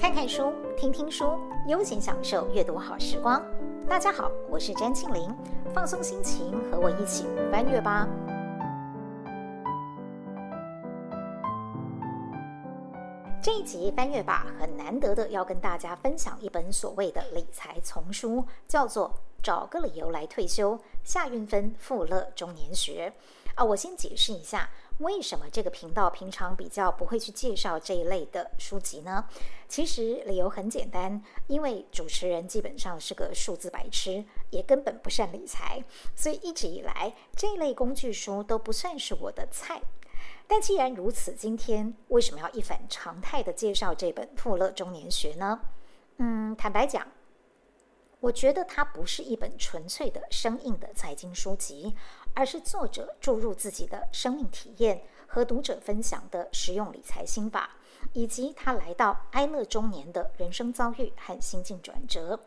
看看書，聽聽書，悠閒享受閱讀好時光。大家好，我是詹慶林，放鬆心情，和我一起翻閱 bar。這一集翻閱 bar 很難得的，要跟大家分享一本所謂的理財叢書，叫做《找個理由來退休》，夏韻芬富樂中年學。啊，我先解釋一下。為什麼這個頻道平常比較不會去介紹這一類的書籍呢？其實理由很簡單，因為主持人基本上是個數字白痴，也根本不善理財，所以一直以來這類工具書都不算是我的菜。但既然如此，今天為什麼要一反常態地介紹這本《富樂中年學》呢？嗯，坦白講，我覺得它不是一本純粹的生硬的財經書籍。而是作者注入自己的生命體驗和讀者分享的實用理財心法，以及他來到哀樂中年的人生遭遇和心境轉折。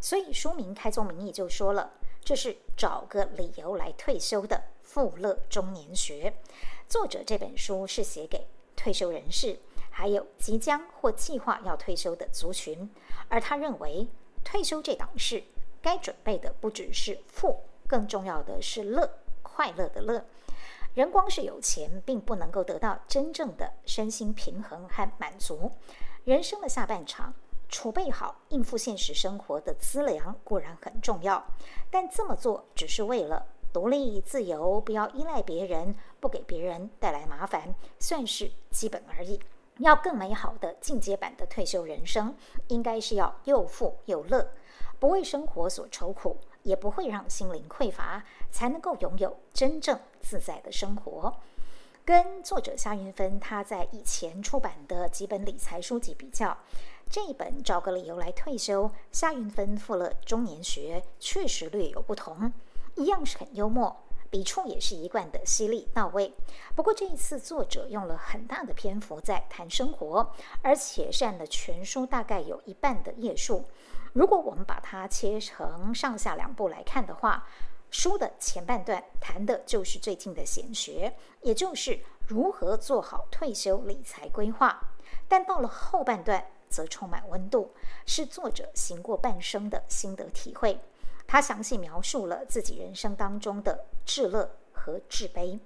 所以書名開宗明義就說了，這是找個理由來退休的《富樂中年學》。作者這本書是寫給退休人士，還有即將或計劃要退休的族群。而他認為，退休這檔事該準備的不只是富，更重要的是樂。快樂的樂，人光是有錢，並不能夠得到真正的身心平衡和滿足。人生的下半場，儲備好應付現實生活的資糧固然很重要，但這麼做只是為了獨立自由，不要依賴別人，不給別人帶來麻煩，算是基本而已。要更美好的進階版的退休人生，應該是要又富又樂，不為生活所愁苦。也不會讓心靈匱乏，才能夠擁有真正自在的生活。跟作者夏韻芬她在以前出版的幾本理財書籍比較，這一本找個理由來退休，夏韻芬富樂中年學，確實略有不同。一樣是很幽默，筆觸也是一貫的犀利到位。不過這一次作者用了很大的篇幅在談生活，而且占了全書大概有一半的頁數。如果我們把它切成上下兩部來看的話，書的前半段談的就是最近的顯學，也就是如何做好退休理財規劃。但到了後半段，則充滿溫度，是作者行過半生的心得體會。他詳細描述了自己人生當中的至樂和至悲。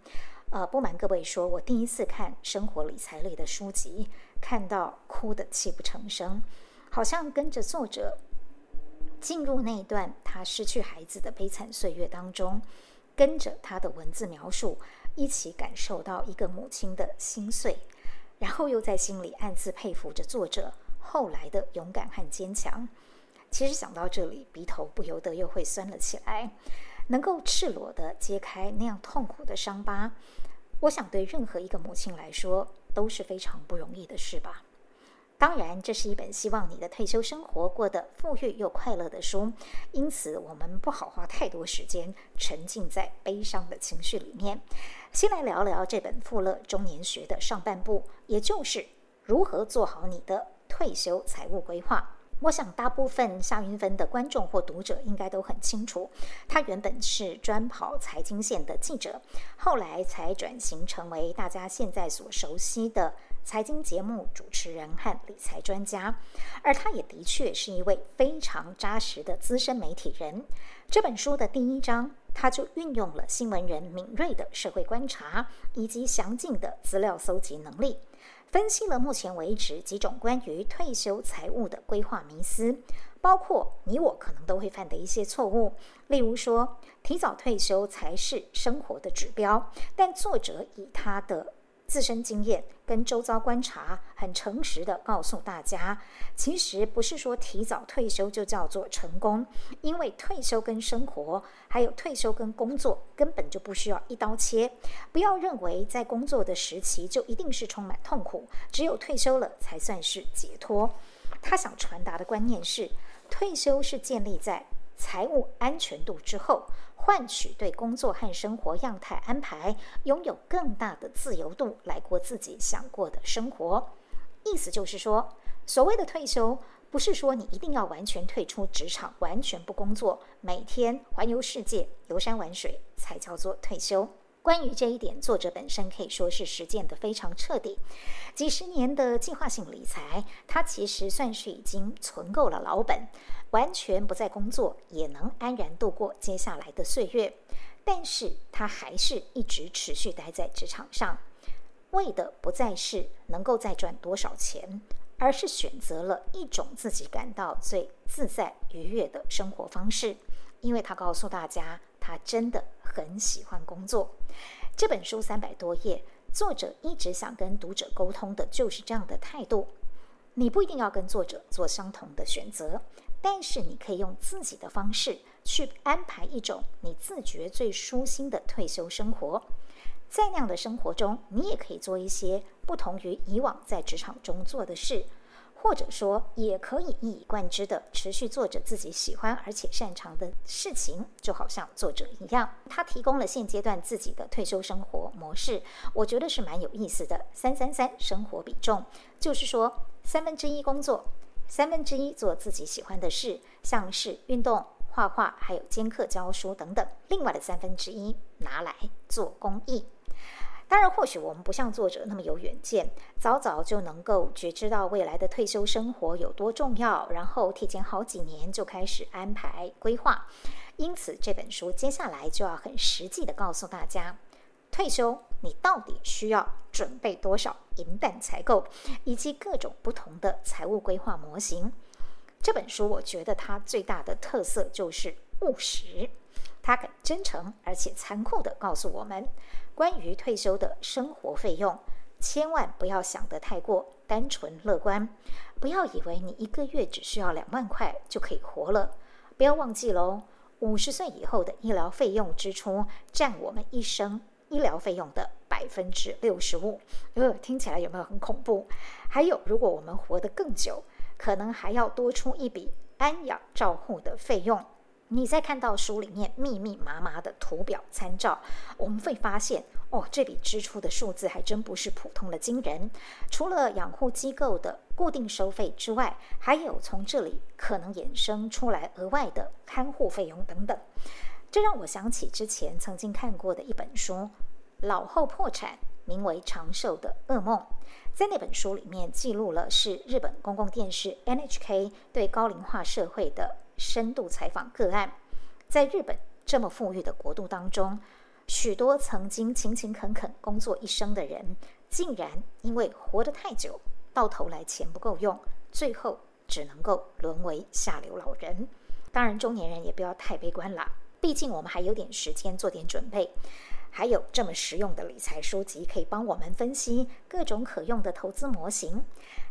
呃，不瞞各位說，我第一次看生活理財類的書籍，看到哭得泣不成聲，好像跟着作者。進入那一段他失去孩子的悲慘歲月當中，跟着他的文字描述，一起感受到一個母親的心碎，然後又在心裡暗自佩服着作者後來的勇敢和堅強。其實想到這裡，鼻頭不由得又會酸了起來。能夠赤裸的揭開那樣痛苦的傷疤，我想對任何一個母親來說都是非常不容易的事吧。當然，這是一本希望你的退休生活過得富裕又快樂的書，因此我們不好花太多時間沉浸在悲傷的情緒裡面。先來聊聊這本《富樂中年學》的上半部，也就是如何做好你的退休財務規劃。我想，大部分夏韻芬的觀眾或讀者應該都很清楚，他原本是專跑財經線的記者，後來才轉型成為大家現在所熟悉的財經節目主持人和理財專家。而他也的確是一位非常扎實的資深媒體人。這本書的第一章，他就運用了新聞人敏銳的社會觀察以及詳盡的資料搜集能力，分析了目前為止幾種關於退休財務的規劃迷思，包括你我可能都會犯的一些錯誤，例如說提早退休才是生活的指標，但作者以他的。自身經驗跟周遭觀察，很誠實的告訴大家，其實不是說提早退休就叫做成功，因為退休跟生活，還有退休跟工作，根本就不需要一刀切。不要認為在工作的時期就一定是充滿痛苦，只有退休了才算是解脫。他想傳達的觀念是，退休是建立在財務安全度之後。換取對工作和生活樣態安排擁有更大的自由度，來過自己想過的生活。意思就是說，所謂的退休，不是說你一定要完全退出職場，完全不工作，每天環遊世界、遊山玩水才叫做退休。關於這一點，作者本身可以說是實踐得非常徹底。幾十年的計劃性理財，他其實算是已經存夠了老本，完全不再工作，也能安然度過接下來的歲月。但是他還是一直持續待在職場上，為的不再是能夠再賺多少錢，而是選擇了一種自己感到最自在愉悅的生活方式。因為他告訴大家，他真的。很喜歡工作。這本書三百多頁，作者一直想跟讀者溝通的就是這樣的態度。你不一定要跟作者做相同的選擇，但是你可以用自己的方式去安排一種你自覺最舒心的退休生活。在那樣的生活中，你也可以做一些不同於以往在職場中做的事。或者說，也可以一以貫之的持續做着自己喜歡而且擅長的事情，就好像作者一樣。他提供了現階段自己的退休生活模式，我覺得是蠻有意思的。三三三生活比重，就是說三分之一工作，三分之一做自己喜歡的事，像是運動、畫畫，還有兼課教書等等；另外的三分之一拿來做公益。當然，或許我們不像作者那麼有遠見，早早就能夠覺知到未來的退休生活有多重要，然後提前好幾年就開始安排規劃。因此，這本書接下來就要很實際地告訴大家，退休你到底需要準備多少銀彈才夠，以及各種不同的財務規劃模型。這本書我覺得它最大的特色就是務實。他很真誠，而且殘酷地告訴我們：關於退休的生活費用，千萬不要想得太過單純樂觀。不要以為你一個月只需要兩萬塊就可以活了。不要忘記嘍，五十歲以後的醫療費用支出占我們一生醫療費用的百分之六十五。呃，聽起來有沒有很恐怖？還有，如果我們活得更久，可能還要多出一筆安養照護的費用。你再看到書裡面密密麻麻的圖表參照，我們會發現哦，這筆支出的數字還真不是普通的驚人。除了養護機構的固定收費之外，還有從這裡可能衍生出來額外的看護費用等等。這讓我想起之前曾經看過的一本書《老後破產》，名為《長壽的噩夢》。在那本書裡面記錄了是日本公共電視 NHK 對高齡化社會的深度採訪個案，在日本這麼富裕的國度當中，許多曾經勤勤懇懇工作一生的人，竟然因為活得太久，到頭來錢不夠用，最後只能夠淪為下流老人。當然，中年人也不要太悲觀了，畢竟我們還有點時間做點準備。還有這麼實用的理財書籍，可以幫我們分析各種可用的投資模型。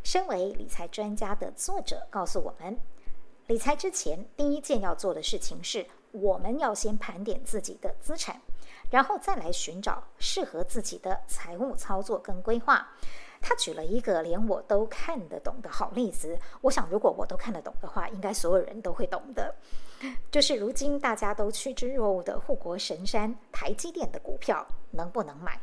身為理財專家的作者告訴我們，理財之前，第一件要做的事情是，我們要先盤點自己的資產，然後再來尋找適合自己的財務操作跟規劃。他舉了一個連我都看得懂的好例子，我想如果我都看得懂的話，應該所有人都會懂的。就是如今大家都趨之若鶩的護國神山台積電的股票能不能買？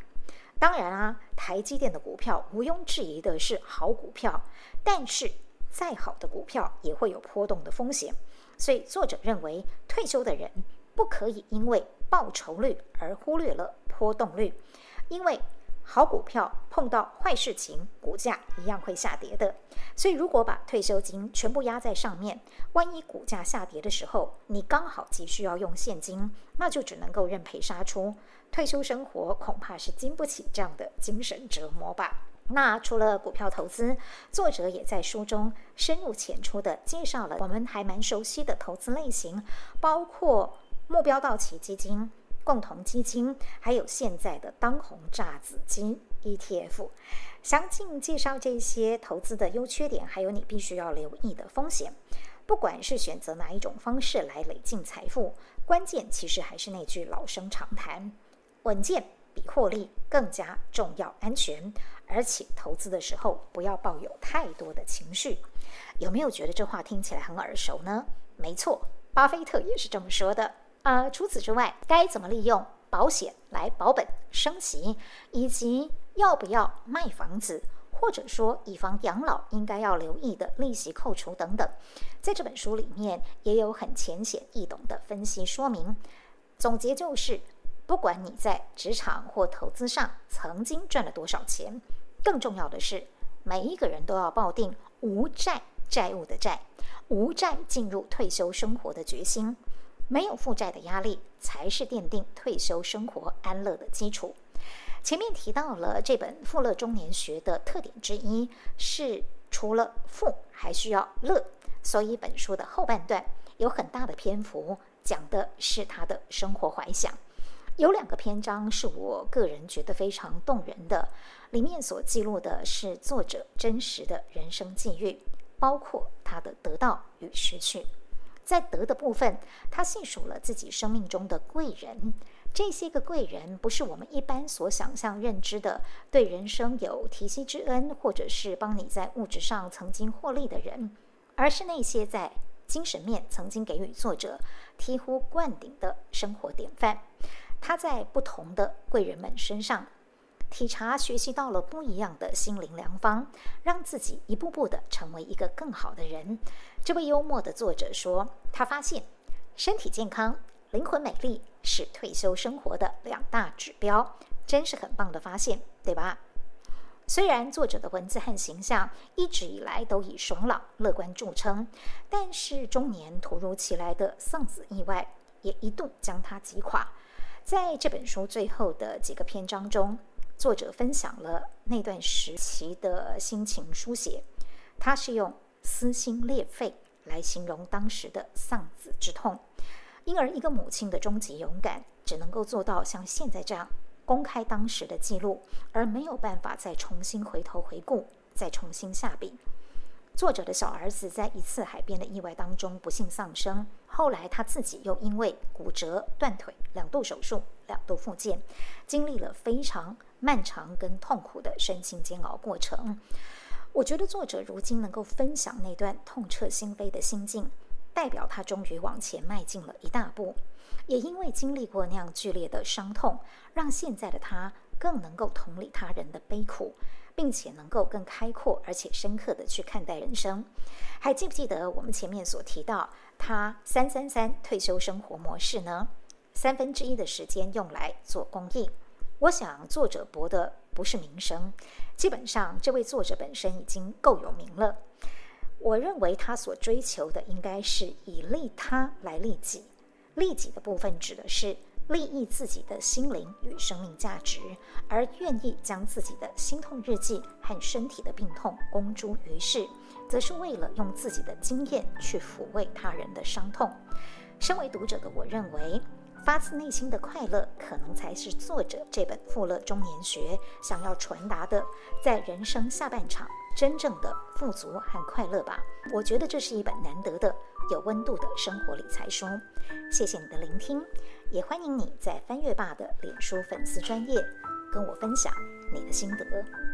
當然啊，台積電的股票毋庸置疑的是好股票，但是，再好的股票也會有波動的風險，所以作者認為，退休的人不可以因為報酬率而忽略了波動率，因為好股票碰到壞事情，股價一樣會下跌的。所以，如果把退休金全部壓在上面，萬一股價下跌的時候，你剛好急需要用現金，那就只能夠認賠殺出。退休生活恐怕是經不起這樣的精神折磨吧。那除了股票投資，作者也在書中深入淺出地介紹了我們還蠻熟悉的投資類型，包括目標到期基金、共同基金，還有現在的當紅炸子雞 ETF，詳盡介紹這些投資的優缺點，還有你必須要留意的風險。不管是選擇哪一種方式來累積財富，關鍵其實還是那句老生常談：穩健。比獲利更加重要，安全，而且投資的時候不要抱有太多的情緒。有沒有覺得這話聽起來很耳熟呢？沒錯，巴菲特也是這麼說的啊、呃。除此之外，該怎麼利用保險來保本升息，以及要不要賣房子，或者說以房養老應該要留意的利息扣除等等，在這本書裡面也有很淺顯易懂的分析說明。總結就是。不管你在職場或投資上曾經賺了多少錢，更重要的是，每一個人都要抱定無債債務的債、無債進入退休生活的決心。沒有負債的壓力，才是奠定退休生活安樂的基礎。前面提到了這本《富樂中年學》的特點之一是，除了富，還需要樂。所以，本書的後半段有很大的篇幅講的是他的生活懷想。有兩個篇章是我個人覺得非常動人的，裡面所記錄的是作者真實的人生際遇，包括他的得到與失去。在得的部分，他細數了自己生命中的貴人，這些個貴人不是我們一般所想象認知的對人生有提攜之恩，或者是幫你在物質上曾經獲利的人，而是那些在精神面曾經給予作者醍醐灌頂的生活典範。他在不同的貴人們身上體察學習到了不一樣的心靈良方，讓自己一步步地成為一個更好的人。這位幽默的作者說：“他發現身體健康、靈魂美麗是退休生活的兩大指標，真是很棒的發現，對吧？”雖然作者的文字和形象一直以來都以爽朗、樂觀著稱，但是中年突如其來的喪子意外也一度將他擊垮。在這本書最後的幾個篇章中，作者分享了那段時期的心情書寫。他是用撕心裂肺來形容當時的喪子之痛，因而一個母親的終極勇敢，只能夠做到像現在這樣公開當時的記錄，而沒有辦法再重新回頭回顧，再重新下筆。作者的小兒子在一次海邊的意外當中不幸喪生，後來她自己又因為骨折、斷腿、兩度手術、兩度復健，經歷了非常漫長跟痛苦的身心煎熬過程。我覺得作者如今能夠分享那段痛徹心扉的心境，代表她終於往前邁進了一大步。也因為經歷過那樣劇烈的傷痛，讓現在的她更能夠同理他人的悲苦。並且能夠更開闊而且深刻地去看待人生。還記不記得我們前面所提到他三三三退休生活模式呢？三分之一的時間用來做公益。我想作者博的不是名聲，基本上這位作者本身已經夠有名了。我認為他所追求的應該是以利他來利己，利己的部分指的是。利益自己的心靈與生命價值，而願意將自己的心痛日記和身體的病痛公諸於世，則是為了用自己的經驗去撫慰他人的傷痛。身為讀者的我認為。發自內心的快樂，可能才是作者這本《富樂中年學》想要傳達的，在人生下半場真正的富足和快樂吧。我覺得這是一本難得的有溫度的生活理財書。謝謝你的聆聽，也歡迎你在翻閱 bar 的臉書粉絲專頁，跟我分享你的心得。